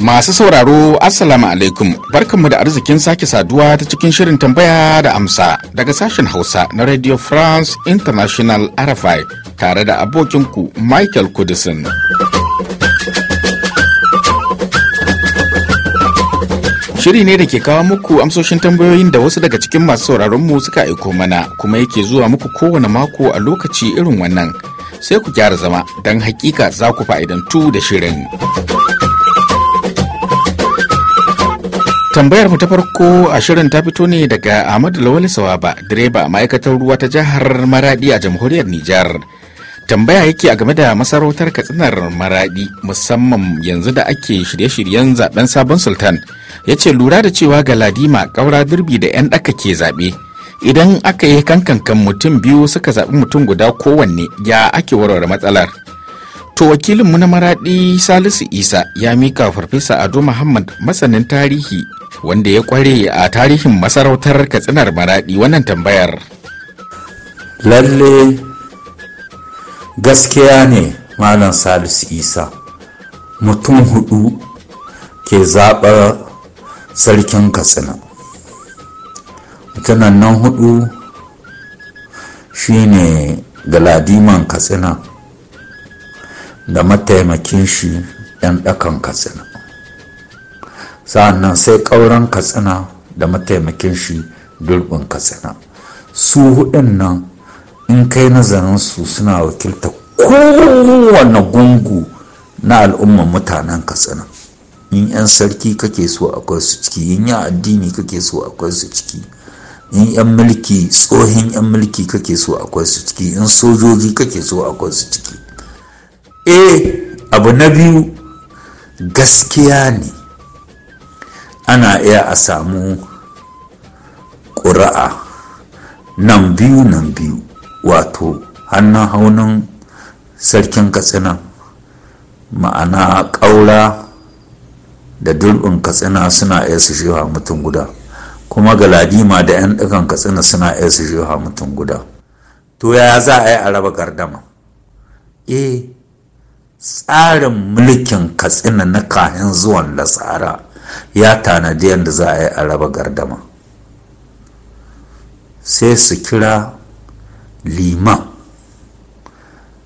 Masu sauraro Assalamu alaikum barkanmu da arzikin sake saduwa ta cikin shirin tambaya da amsa daga sashen Hausa na Radio France International RFI tare da abokinku Michael Kudisin. Shiri ne da ke kawo muku amsoshin tambayoyin da wasu daga cikin masu sauraron mu suka aiko mana kuma yake zuwa muku kowane mako a lokaci irin wannan. Sai ku gyara zama don hakika za ku fa'idantu da shirin. Tambayar mu ta farko a shirin ta fito ne daga Ahmadu lawal Sawaba, direba a ma'aikatar ruwa ta jihar Maradi a jamhuriyar Nijar. tambaya yake a game da masarautar katsinar maradi musamman yanzu da ake shirye-shiryen zaben sabon sultan ya ce lura da cewa ga ladima kaura durbi da 'yan ɗaka ke zaɓe idan aka yi kankankan mutum biyu suka zaɓi mutum guda kowanne ya ake warware matsalar to wakilinmu na maradi salisu isa ya mika farfesa ado muhammad masanin tarihi wanda ya kware a tarihin masarautar katsinar maradi wannan tambayar lalle gaskiya ne malam salisu isa mutum hudu ke zaɓar sarkin katsina mutunan nan hudu shine galadiman katsina da mataimakin shi yan ɗakan katsina sa'annan sai ƙauren katsina da mataimakin shi durbin katsina su hudun nan in kai nazarin su suna wakilta kowane gungu na al'umman mutanen katsina in 'yan sarki kake so akwai su ciki in 'yan addini kake so akwai su ciki in 'yan mulki tsohin 'yan mulki kake so akwai su ciki in sojoji kake so akwai su ciki e abu na biyu gaskiya ne ana iya a samu ƙura'a nan biyu nan biyu wato hannun haunin sarkin katsina ma'ana ƙaura da durbin katsina suna iya su shewa mutum guda kuma galadima da 'yan ɗakan katsina suna iya su shewa mutum guda to ya za a yi a raba gardama e tsarin mulkin katsina na kahin zuwan lasara ya tanadi yadda za a yi a raba gardama sai su kira liman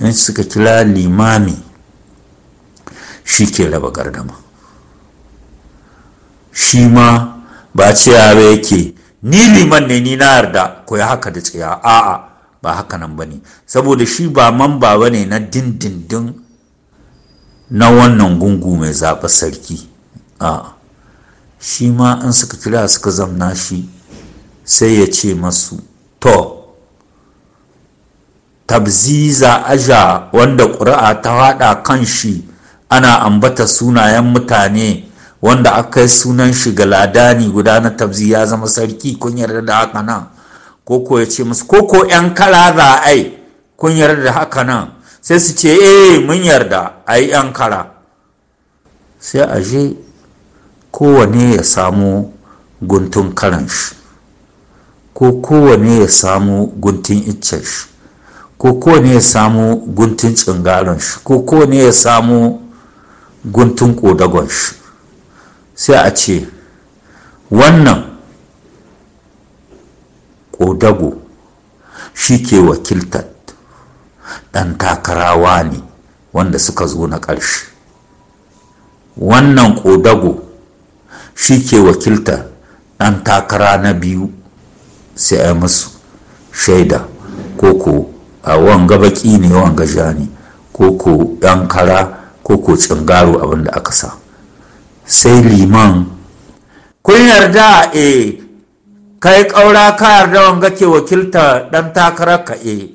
in suka kira limami shi ke raba gardama shi ma ba ce ba yake ni liman ne ni na yarda ko ya haka da tsaya a'a ba haka nan ba ne saboda shi ba mamba ba ne na dindindin na wannan gungu mai zaɓa sarki a'a shi ma in suka kira suka zamna shi sai ya ce masu to tabziza aja wanda ƙuri'a ta haɗa kan shi ana ambata sunayen mutane wanda aka yi sunan shi ga ladani guda na tabzi ya zama sarki kun yarda da haka nan koko ya ce musu koko 'yan kala za ai kun yarda da haka nan sai su ce eh mun yarda a yi 'yan kara sai a je kowane ya samu guntun karan shi ko kowane ya samu guntun iccen shi ko ne ya samu guntun tsingaron shi ko ne ya samu guntun kodagon shi sai a ce wannan kodago shi ke wakiltar ɗan takarawa ne wanda suka zo na ƙarshe wannan kodago shi ke wakiltar ɗan takara na biyu sai a yi musu shaida koko wanga baki ne wanga ja ne ko ko ɗan kara ko ko cingaro abin da aka sa sai liman kun yarda e kai ƙaura ka yarda wanga ke wakilta ɗan takarar ka e eh,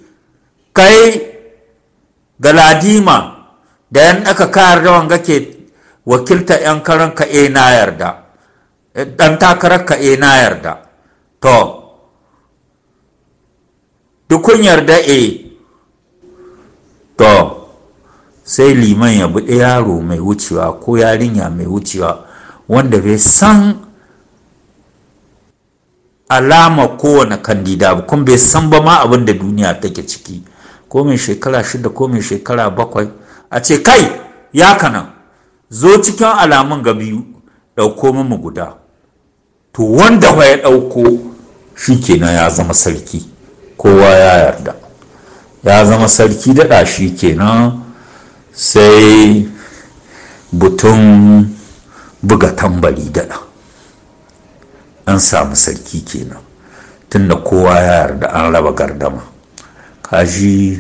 kai galadima da yan aka ka yarda wanga ke wakilta yan karan ka e eh, na yarda ɗan takarar ka e na yarda to kun yarda e to sai liman ya buɗe yaro mai wucewa ko yarinya mai wucewa wanda bai san alama kowane kandida kun bai san ba ma abin da duniya take ciki ko mai shekara shida ko mai shekara bakwai a ce kai ya kana zo cikin alamun ga biyu ɗauko mamu guda to wanda ya ɗauko shi kenan ya zama sarki kowa ya yarda ya zama sarki daɗa shi kenan sai butun buga tambari daɗa an samu sarki kenan tunda kowa ya yarda an raba gardama kaji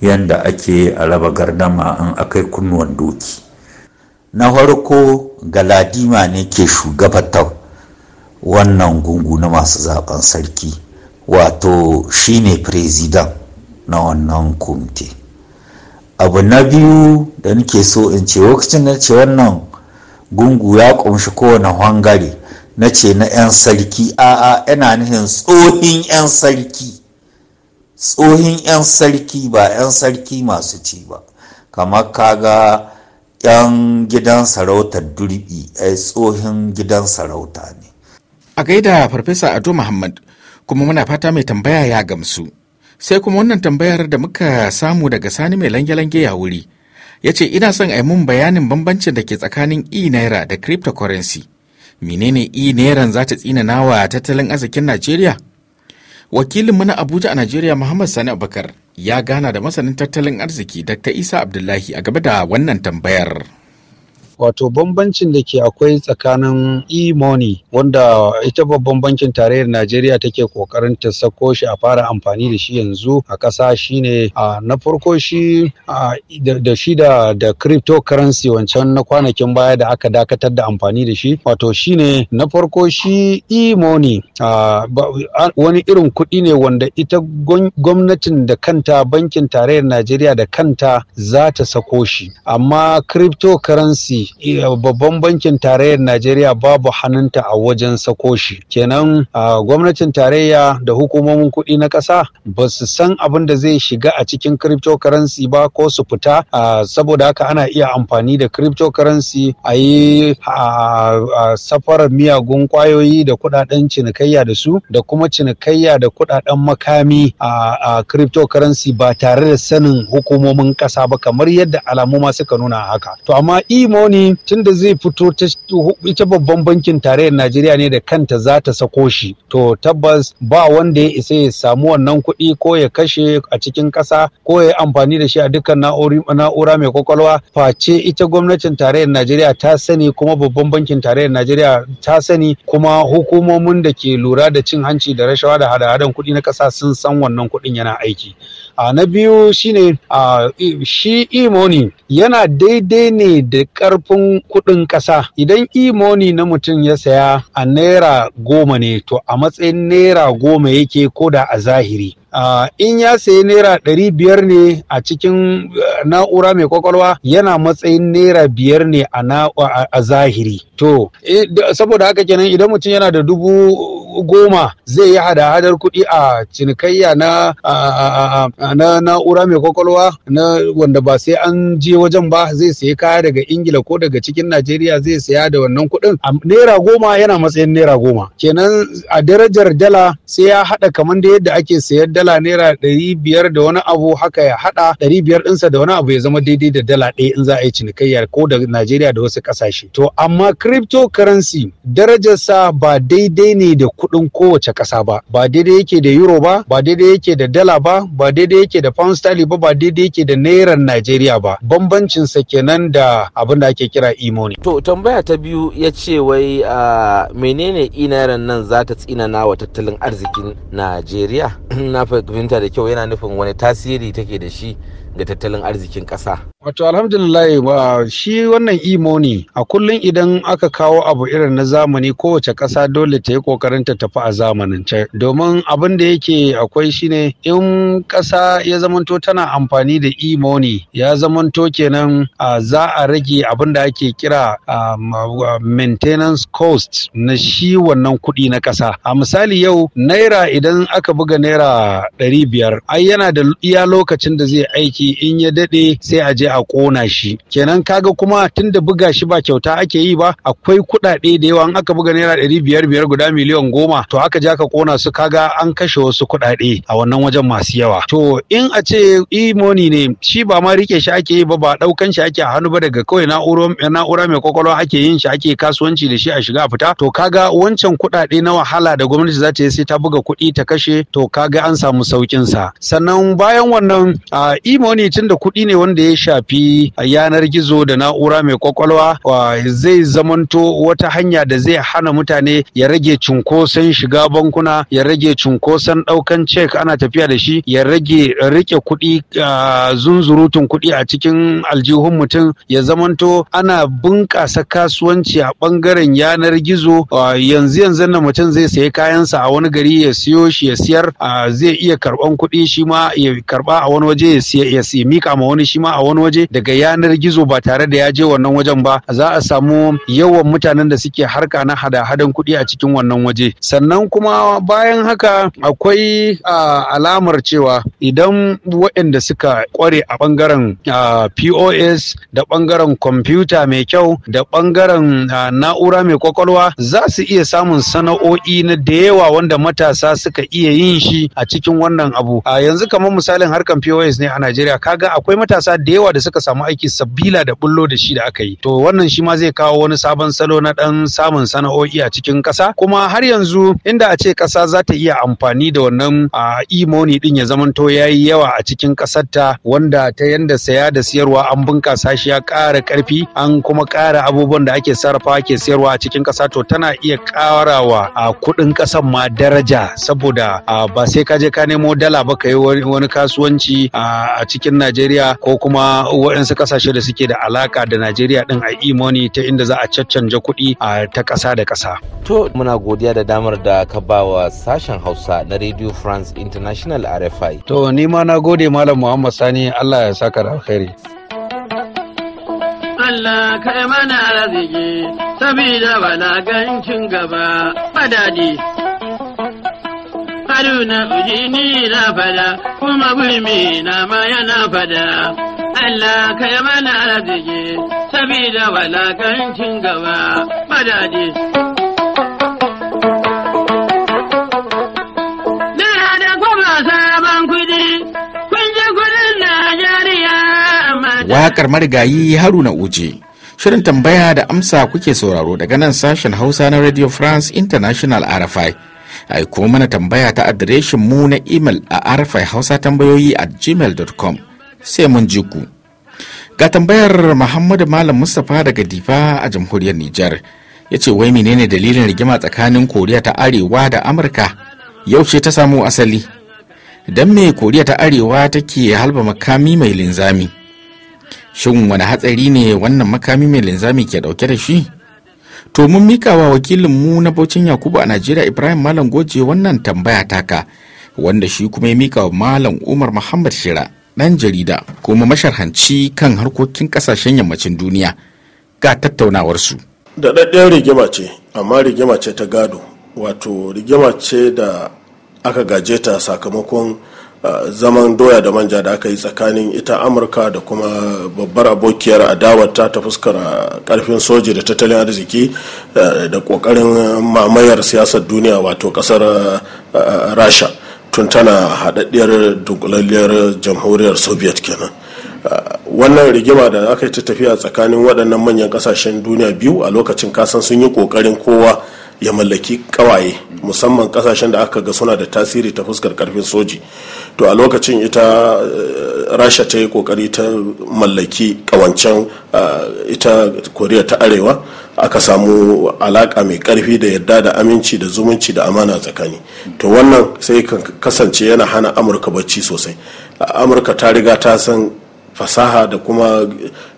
yanda ake a raba gardama an akai kunnuwan doki na farko galadima ne ke shugabatar wannan gungu na masu zaben sarki wato shine firizidan na wannan kumte abu na biyu da nake so in ce lokacin na ce wannan gungu ya kunshi kowane hangare na ce na 'yan sarki a'a yana nufin tsohin 'yan sarki tsohin 'yan sarki ba 'yan sarki masu ci ba kamar kaga 'yan gidan sarautar durbi ai tsohin gidan sarauta ne a gaida farfesa ado muhammad kuma muna fata mai tambaya ya gamsu sai kuma wannan tambayar da muka samu daga sani mai lange-lange ya wuri ya ce ina son a yi mun bayanin bambancin da ke tsakanin e naira da cryptocurrency menene e nairan za ta tsina nawa tattalin arzikin najeriya wakilin mu na abuja a najeriya muhammad sani abubakar ya gana da masanin tattalin arziki dr isa abdullahi a gaba da wannan tambayar wato bambancin da ke akwai tsakanin e-money wanda ita babban bankin tarayyar najeriya take kokarin ta sako shi a fara amfani da shi yanzu a ƙasa shine ne na farko shi da shi da da cryptocurrency wancan na kwanakin baya da aka dakatar da amfani da shi wato shine na farko shi e-money wani irin kuɗi ne wanda ita gwamnatin da kanta bankin tarayyar najeriya da kanta za ta sako shi amma cryptocurrency Eh, babban bankin tarayyar najeriya babu hannunta a wajen sako shi kenan gwamnatin tarayya da hukumomin kuɗi na ƙasa ba su san abin da zai shiga a cikin cryptocurrency ba ko su fita saboda haka ana iya amfani da cryptocurrency a yi safarar miyagun kwayoyi da kuɗaɗen cinikayya da su da kuma cinikayya da kuɗaɗen makami a cryptocurrency ba tare da sanin hukumomin ƙasa ba kamar yadda alamu ma suka nuna haka to amma imo ne tunda zai fito ita babban bankin tarayyar najeriya ne da kanta za ta sako shi to tabbas ba wanda ya isa ya samu wannan kuɗi ko ya kashe a cikin ƙasa ko ya amfani da shi a dukkan na'ura mai kwakwalwa face ita gwamnatin tarayyar najeriya ta sani kuma babban bankin tarayyar najeriya ta sani kuma hukumomin da ke lura da cin hanci da rashawa da hada-hadan kuɗi na ƙasa sun san wannan kuɗin yana aiki a na biyu shine a shi imoni yana daidai ne da karfin kuɗin ƙasa idan imoni na mutum ya saya a naira goma ne to a matsayin naira goma yake koda a zahiri in ya sayi naira ɗari biyar ne a cikin eh, na'ura mai kwakwalwa yana matsayin naira biyar ne a, zahiri to eh, saboda haka kenan idan mutum yana da dubu goma zai yi hada-hadar kuɗi a cinikayya na na'ura mai kwakwalwa na wanda ba sai an je wajen ba zai sayi kaya daga ingila ko daga cikin najeriya zai saya da wannan kuɗin naira goma yana matsayin naira goma kenan a darajar dala sai ya haɗa kamar da yadda ake sayar dala naira ɗari biyar da wani abu haka ya haɗa ɗari biyar ɗinsa da wani abu ya zama daidai da dala ɗaya in za a yi cinikayya ko da najeriya da wasu ƙasashe to amma cryptocurrency darajarsa ba daidai ne da kuɗin kowace ƙasa ba ba daidai yake da euro ba ba daidai yake da dala ba ba daidai yake da pound sterling ba ba daidai yake da nairan najeriya ba bambancin sa kenan da abin da ake kira imoni to tambaya ta biyu ya ce wai menene inaran nan za ta tsinana wa tattalin arzikin najeriya na fahimta da kyau yana nufin wani tasiri take da shi ga tattalin arzikin ƙasa Wato alhamdulillah ba shi wannan imoni a kullum idan aka kawo abu irin na zamani kowace ƙasa dole ta yi ƙoƙarin ta tafi a zamanin ce. Domin abin da yake akwai shine in ƙasa ya zamanto tana amfani da imoni ya zamanto kenan za a rage abin da ake kira maintenance cost na shi wannan kuɗi na ƙasa. A misali yau naira idan aka buga naira ɗari biyar ai yana da iya lokacin da zai aiki in ya daɗe sai a je a ƙona shi kenan kaga kuma tunda buga shi ba kyauta ake yi ba akwai kuɗaɗe da yawa in aka buga naira ɗari biyar biyar guda miliyan goma to aka ja ka ƙona su kaga an kashe wasu kuɗaɗe a wannan wajen masu yawa to in a ce imoni ne shi ba ma rike shi ake yi ba ba ɗaukan shi ake a hannu ba daga kawai na'ura mai kwakwalwa ake yin shi ake kasuwanci da shi a shiga a fita to kaga wancan kuɗaɗe na wahala da gwamnati za ta yi sai ta buga kuɗi ta kashe to kaga an samu saukin sa sannan bayan wannan imoni tun da kuɗi ne wanda ya sha shafi yanar gizo da na'ura mai kwakwalwa zai zamanto wata hanya da zai hana mutane ya rage cunkoson shiga bankuna ya rage cunkoson ɗaukan cek ana tafiya da shi ya rage rike kuɗi zunzurutun kuɗi a cikin aljihun mutum ya zamanto ana bunƙasa kasuwanci a bangaren yanar gizo yanzu yanzu na mutum zai sayi kayansa a wani gari ya siyo shi ya siyar zai iya karɓan kuɗi shi ma ya karɓa a wani waje ya mika ma wani shi ma a wani waje waje daga yanar gizo ba tare da ya je wannan wajen ba za a samu yawan mutanen da suke harka na hada-hadan kuɗi a cikin wannan waje sannan kuma bayan haka akwai alamar cewa idan waɗanda suka kware a ɓangaren pos da ɓangaren kwamfuta mai kyau da ɓangaren na'ura mai kwakwalwa za su iya samun sana'o'i na da yawa wanda matasa suka iya yin shi a cikin wannan abu a yanzu kamar misalin harkar pos ne a najeriya kaga akwai matasa da yawa da suka samu aiki sabila da bullo da shi da aka yi to wannan shi ma zai kawo wani sabon salo na dan samun sana'o'i a cikin kasa kuma har yanzu inda a ce kasa za ta iya amfani da wannan a imoni din ya zamanto ya yi yawa a cikin ƙasar ta wanda ta yanda saya da siyarwa an bunkasa shi ya ƙara ƙarfi an kuma ƙara abubuwan da ake sarrafa ake siyarwa a cikin kasa to tana iya ƙarawa a kuɗin ƙasan ma daraja saboda ba sai ka je ka nemo dala ba ka yi wani kasuwanci a cikin Najeriya ko kuma wa'insu kasashe da suke da alaka da Najeriya din a e ta inda za a caccanja kuɗi a ta ƙasa da ƙasa. To muna godiya da damar da ka ba wa sashen Hausa na Radio France International RFI. To ni ma na gode Malam Muhammad Sani Allah ya saka da alkhairi. Allah kai mana arziki sabida gancin gaba madadi. Haruna uji ni na fada kuma gulmi na ma yana fada. Allah ka yi mana arziki, sabida walakancin gaba madadi. Nera da kuma sabon Najeriya Waƙar marigayi Haruna Uje. Shirin tambaya da amsa kuke sauraro daga nan sashen Hausa na Radio France International RFI. Aiko mana tambaya ta adireshin mu na imel a rfi hausa tambayoyi at gmail.com. sai mun ji ku ga tambayar muhammadu malam mustapha daga difa a jamhuriyar nijar ya ce wai menene dalilin rigima tsakanin koriya ta arewa da amurka yau ce ta samu asali don me koriya ta arewa take halba makami mai linzami shin wani hatsari ne wannan makami mai linzami ke dauke da shi to mun mikawa wakilinmu na baucin yakubu a najeriya ibrahim malam goje wannan tambaya taka wanda shi kuma ya mika wa malam umar muhammad shira ɗan jarida kuma masharhanci kan harkokin ƙasashen yammacin duniya ga tattaunawarsu. da ɗaɗɗen rigima ce amma rigima ce ta gado wato rigima ce da aka gaje ta sakamakon zaman doya da manja da aka yi tsakanin ita amurka da kuma babbar abokiyar adawarta ta fuskar karfin soji da tattalin arziki da ƙoƙarin mamayar siyasar duniya wato ƙasar rasha tun tana haɗaɗɗiyar dunkulalliyar jamhuriyar soviet kenan uh, wannan rigima da aka yi ta tafiya tsakanin waɗannan manyan ƙasashen duniya biyu a lokacin kasan sun yi ƙoƙarin kowa ya mallaki ƙawaye musamman ƙasashen da aka ga suna da tasiri ta fuskar karfin soji to a lokacin ita uh, rasha ta yi ƙoƙari ta mallaki ƙawancen uh, ita koriya ta arewa aka samu alaka mai karfi da yadda da aminci da zumunci da amana tsakani to wannan sai kan kasance yana hana amurka bacci sosai amurka ta riga ta san fasaha da kuma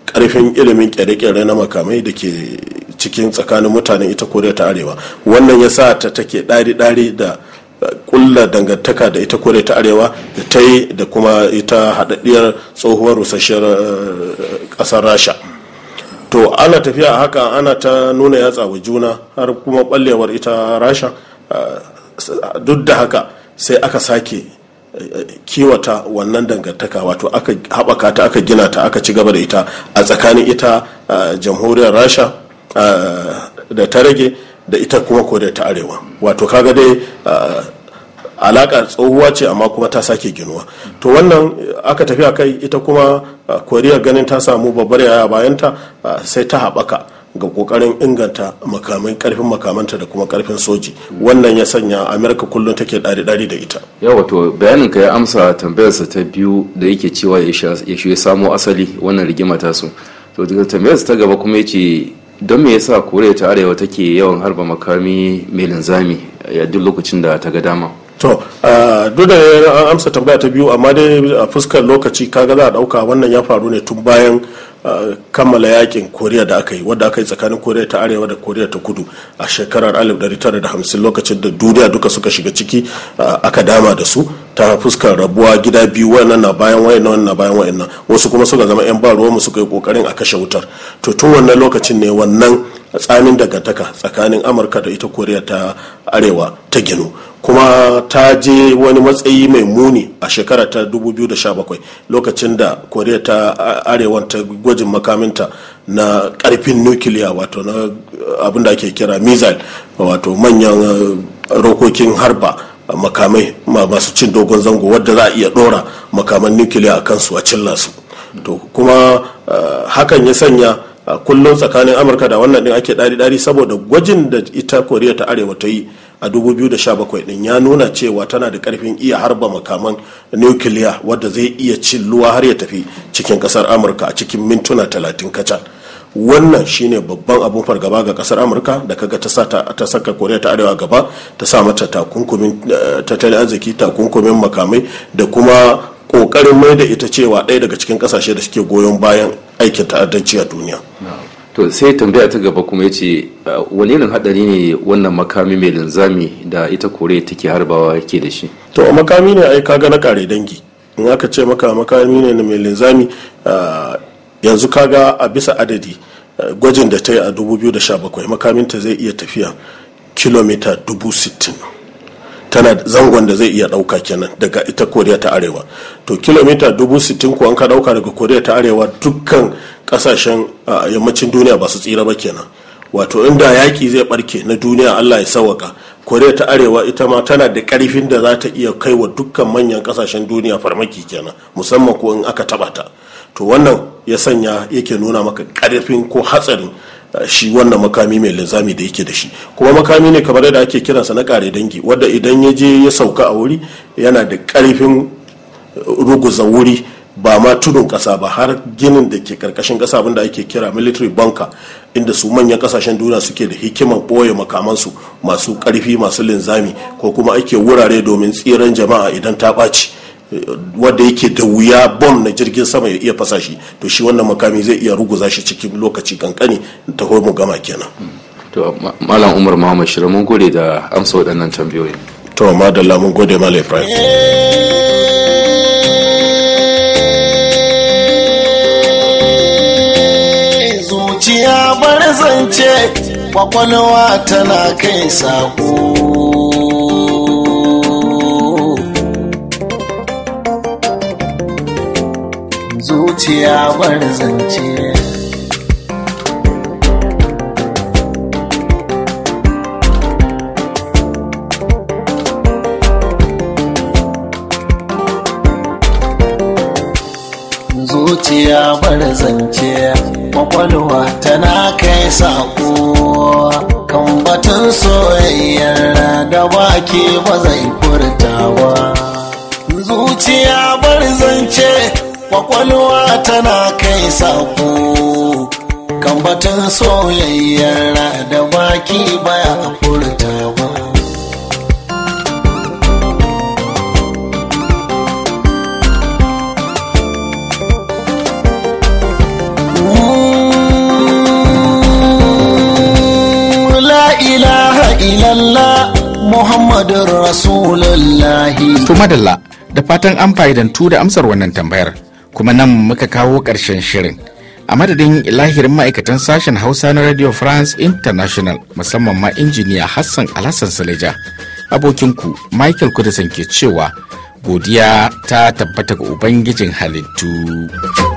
karfin ilimin kere-kere na makamai da ke cikin tsakanin mutanen ita koriya ta arewa wannan ya sa ta take dari-dari da kulla dangantaka da ita koriya ta arewa da ta yi da kuma ita haɗaɗɗiyar tsohuwar rusasshiyar eh, ƙasar rasha to ana tafiya a haka ana ta nuna yatsa wa juna har kuma ɓallewar ita rasha ah, duk da haka sai aka sake eh, kiwata wannan dangantaka wato aka haɓaka ta aka gina ta aka ci gaba da ita a tsakanin ita ah, jamhuriyar rasha ah, da ta rage da ita kuma da ta arewa wato kaga dai alaka tsohuwa ce amma kuma ta sake ginuwa to wannan aka tafi a kai ita kuma koriya ganin ta samu babbar yaya bayanta sai ta haɓaka ga kokarin inganta makamai karfin makamanta da kuma karfin soji wannan ya sanya amerika kullum take ɗari ɗari da ita yawa to bayanin ka ya amsa tambayarsa ta biyu da yake cewa ya shi samo asali wannan rigima ta su to daga tambayarsa ta gaba kuma yace don me yasa koriya ta arewa take yawan harba makami mai linzami a duk lokacin da ta ga dama to uh, duk da amsa tambaya ta biyu amma dai a fuskar lokaci kaga za a dauka wannan ya faru ne tun bayan uh, kammala yakin koriya da aka yi wadda aka yi tsakanin koriya ta arewa da koriya ta kudu a shekarar 1950 lokacin da duniya duka suka shiga ciki uh, aka dama da su ta fuskar rabuwa gida biyu wannan na bayan wannan na bayan wayannan wasu kuma suka zama yan baruwa mu suka yi kokarin a kashe wutar to tun wannan lokacin ne wannan tsamin dagantaka tsakanin amurka da ita koriya ta arewa ta ginu kuma ta je wani matsayi mai muni a shekara ta 2017 lokacin da koriya ta arewan ta gwajin makaminta na karfin nukiliya wato na abin da ake kira missile wato manyan uh, rokokin harba makamai masu cin dogon zango wadda za a iya dora makaman nukiliya a kansu a cilla su to kuma uh, hakan ya sanya a kullum tsakanin amurka da wannan din ake dari dari saboda gwajin da ita koriya ta arewa ta yi a 2017 din ya nuna cewa tana da karfin iya harba makaman nukiliya wadda zai iya cilluwa har ya tafi cikin kasar amurka a cikin mintuna 30 kacal wannan shine babban abun fargaba ga kasar amurka da kaga ta saka koriya ta arewa gaba ta sa mata takunkumin eh, tattalin arziki takunkumin makamai da kuma kokarin mai da ita cewa ɗaya daga cikin ƙasashe da suke goyon bayan aikin ta'addanci a duniya to sai tambaya ta gaba kuma yace wani irin hadari ne wannan makami mai linzami da ita kore take harbawa yake da shi to a makami ne ai kaga na kare dangi in aka ce maka makami ne mai linzami yanzu kaga a bisa adadi gwajin da ta yi a 2017 makaminta zai iya tafiya kilomita sittin tana zangon da zai iya ɗauka kenan daga ita koriya ta arewa to kilomita dubu sittin ko an ka ɗauka daga koriya ta arewa dukkan ƙasashen yammacin duniya ba su tsira ba kenan wato inda yaƙi zai barke na duniya allah ya sawaka koriya ta arewa ita ma tana da karfin da za ta iya kai wa dukkan manyan kasashen duniya farmaki kenan musamman ko in aka taɓa ta to wannan ya sanya yake nuna maka karfin ko hatsarin shi wannan makami mai linzami da yake da shi kuma makami ne kamar yadda ake kiransa na kare dangi wadda idan ya je ya sauka a wuri yana da karfin ruguza wuri ba ma tudun kasa ba har ginin da ke karkashin kasa da ake kira military bunker inda su manyan kasashen duniya suke da hikiman boye makamansu masu karfi masu linzami ko kuma ake wurare domin tsiran jama'a idan ta ɓaci wanda yake da wuya bom na jirgin sama ya iya fasa shi to shi wannan makami zai iya ruguza shi cikin lokaci kankani ta mu gama kenan to malam umar muhammad shirin mun gode da amsa waɗannan tambayoyi to da lamun gode malam ibrahim zuciya bar zance kwakwalwa tana kai sako zuciya bar zance zuciya bar zance kwakwalwa tana kai saƙo. kan batun soyayyar da baki ba zai ba. zuciya bar zance kwakwalwa tana kai sako kan batun soyayyar da baki baya furta ba mm, ilalla Rasulullahi. To madalla da fatan an fa'idantu da amsar wannan tambayar. kuma nan muka kawo ƙarshen shirin a madadin lahirin ma'aikatan sashen hausa na radio france international musamman ma injiniya hassan alhassan saleja abokinku michael kudisan ke cewa godiya ta tabbata ga ubangijin halittu.